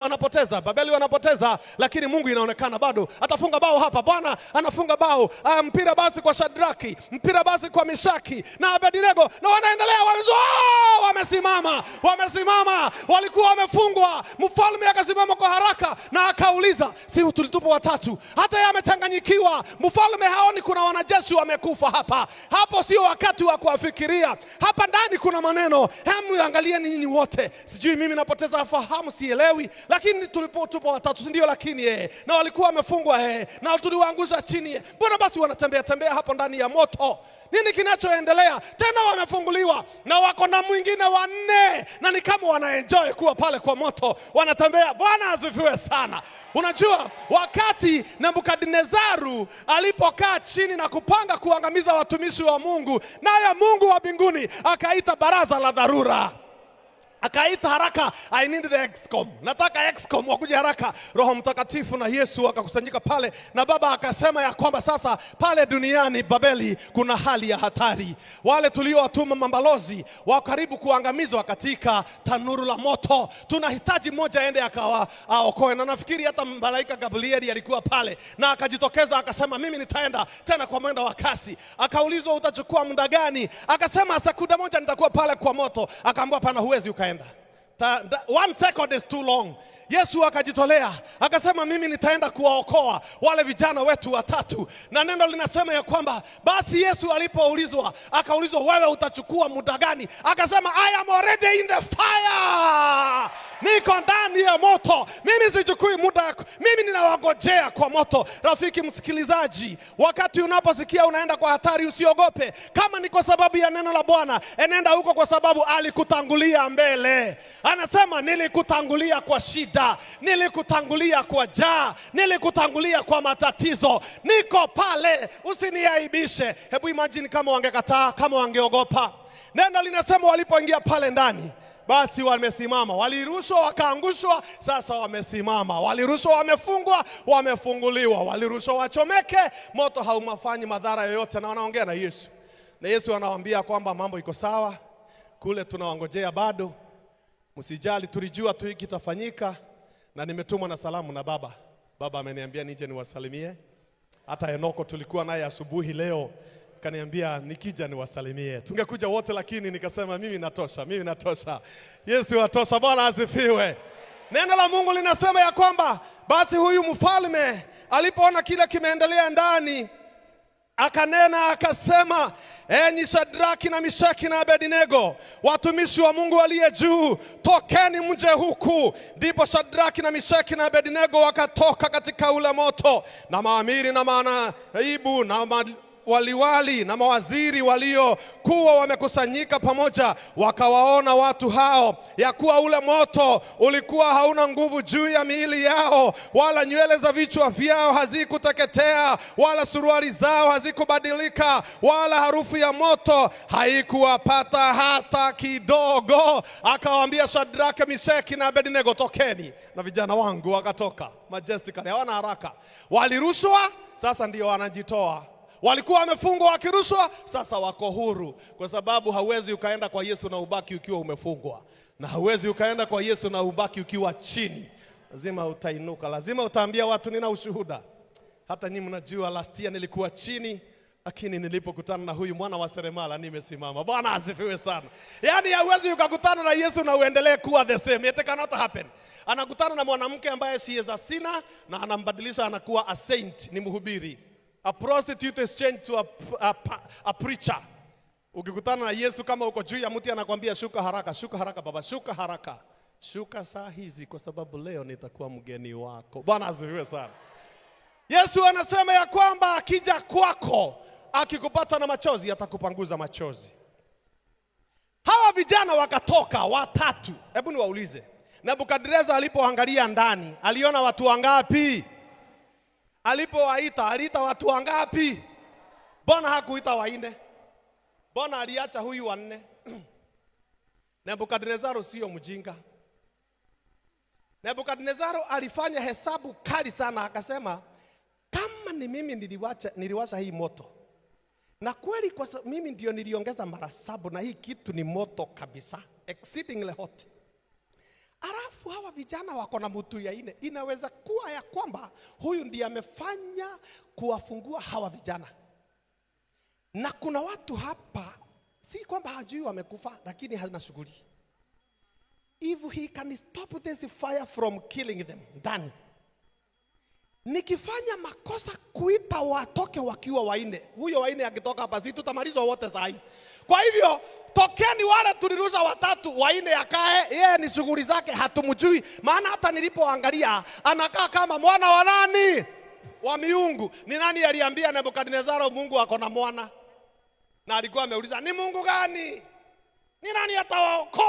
wanapoteza Babeli wanapoteza, lakini Mungu inaonekana bado atafunga bao hapa. Bwana anafunga bao ah, mpira basi kwa Shadraki, mpira basi kwa Mishaki na Abednego, na wanaendelea wamzo wamesimama, wamesimama, walikuwa wamefungwa. Mfalme akasimama kwa haraka na akauliza, si tulitupa watatu? Hata yeye amechanganyikiwa, mfalme haoni kuna wanajeshi wamekufa hapa. Hapo sio wakati wa kuwafikiria, hapa ndani kuna maneno. Hemu angalia nyinyi wote, sijui mimi napoteza fahamu, sielewi, lakini tulipotupa watatu, ndio, lakini yeye eh, na walikuwa wamefungwa, yeye eh, na tuliwaangusha chini, eh. mbona basi wanatembea tembea hapo ndani ya moto? Nini kinachoendelea tena? Wamefunguliwa na wako na mwingine wanne, na ni kama wanaenjoy kuwa pale kwa moto, wanatembea. Bwana asifiwe sana. Unajua, wakati Nebukadnezaru alipokaa chini na kupanga kuangamiza watumishi wa Mungu, naye Mungu wa mbinguni akaita baraza la dharura Akaita haraka, I need the excom, nataka excom wakuja haraka. Roho Mtakatifu na Yesu akakusanyika pale, na Baba akasema ya kwamba sasa pale duniani Babeli kuna hali ya hatari. Wale tuliowatuma mabalozi wa karibu kuangamizwa katika tanuru la moto, tunahitaji mmoja aende akawaokoe, na nafikiri hata malaika Gabrieli alikuwa pale na akajitokeza akasema, mimi nitaenda tena kwa mwendo wa kasi. Akaulizwa utachukua muda gani? Akasema sekunde moja nitakuwa pale kwa moto. Akaambiwa pana, huwezi ukaenda nitaenda one second is too long. Yesu akajitolea akasema, mimi nitaenda kuwaokoa wale vijana wetu watatu, na neno linasema ya kwamba basi Yesu alipoulizwa akaulizwa, wewe utachukua muda gani? Akasema, I am already in the fire, niko ndani ya moto, mimi sichukui muda, mimi watawagojea kwa moto. Rafiki msikilizaji, wakati unaposikia unaenda kwa hatari, usiogope. Kama ni kwa sababu ya neno la Bwana, enenda huko, kwa sababu alikutangulia mbele. Anasema, nilikutangulia kwa shida, nilikutangulia kwa jaa, nilikutangulia kwa matatizo, niko pale, usiniaibishe. Hebu imajini kama wangekataa, kama wangeogopa. Neno linasema walipoingia pale ndani basi wamesimama. Walirushwa wakaangushwa, sasa wamesimama. Walirushwa wamefungwa, wamefunguliwa. Walirushwa wachomeke, moto haumafanyi madhara yoyote. Na wanaongea na Yesu, na Yesu anawaambia kwamba mambo iko sawa, kule tunawangojea bado, msijali, tulijua tu hiki kitafanyika, na nimetumwa na salamu na Baba. Baba ameniambia nije niwasalimie. Hata Enoko tulikuwa naye asubuhi leo kaniambia nikija niwasalimie. Tungekuja wote lakini nikasema mimi natosha, mimi natosha. Yesu watosha, Bwana asifiwe. Neno la Mungu linasema ya kwamba basi huyu mfalme alipoona kile kimeendelea ndani akanena akasema, enyi ee Shadraki na Mishaki na Abednego, watumishi wa Mungu aliye juu, tokeni mje huku. Ndipo Shadraki na Mishaki na Abednego wakatoka katika ule moto, na maamiri na manaibu na ma waliwali na mawaziri waliokuwa wamekusanyika pamoja, wakawaona watu hao ya kuwa ule moto ulikuwa hauna nguvu juu ya miili yao, wala nywele za vichwa vyao hazikuteketea, wala suruali zao hazikubadilika, wala harufu ya moto haikuwapata hata kidogo. Akawaambia Shadrake, Meshaki na Abednego, tokeni. Na vijana wangu wakatoka majestically, hawana haraka, walirushwa sasa ndio wanajitoa walikuwa wamefungwa wakirushwa, sasa wako huru, kwa sababu hauwezi ukaenda kwa Yesu na ubaki ukiwa umefungwa, na hauwezi ukaenda kwa Yesu na ubaki ukiwa chini. Lazima utainuka, lazima utaambia watu, nina ushuhuda. Hata nyinyi mnajua, last year nilikuwa chini lakini nilipokutana na huyu mwana wa seremala nimesimama. Bwana asifiwe sana. Yaani hauwezi ya ukakutana na Yesu na uendelee kuwa the same. It cannot happen. Anakutana na mwanamke ambaye she is a sinner na anambadilisha anakuwa a saint, ni mhubiri. A prostitute is changed to a, a, a preacher. Ukikutana na Yesu kama uko juu ya mti anakwambia shuka haraka, shuka haraka baba, shuka haraka. Shuka saa hizi kwa sababu leo nitakuwa mgeni wako. Bwana asifiwe sana. Yesu anasema ya kwamba akija kwako akikupata na machozi atakupanguza machozi. Hawa vijana wakatoka watatu. Hebu niwaulize. Nebukadreza alipoangalia ndani, aliona watu wangapi? Alipowaita aliita watu wangapi? Mbona hakuita waine Mbona aliacha huyu wanne? Nebukadnezaro sio mjinga. Nebukadnezaro alifanya hesabu kali sana, akasema kama ni mimi niliwacha, niliwasha hii moto na kweli kwa mimi ndio niliongeza mara saba, na hii kitu ni moto kabisa, exceedingly hot Alafu hawa vijana wako na mtu ya ine. Inaweza kuwa ya kwamba huyu ndiye amefanya kuwafungua hawa vijana, na kuna watu hapa, si kwamba hajui wamekufa, lakini hazina shughuli. If he can stop this fire from killing them ndani, nikifanya makosa kuita watoke wakiwa waine, huyo waine akitoka hapa, si tutamalizwa wote saa hii. Kwa hivyo tokeni wale tuliruza watatu waine akae, yeye ni shughuli zake, hatumjui. Maana hata nilipoangalia anakaa kama mwana wa nani, wa miungu. Ni nani aliambia Nebukadnezaro Mungu ako na mwana? Na alikuwa ameuliza ni Mungu gani? Ni nani atawaokoa?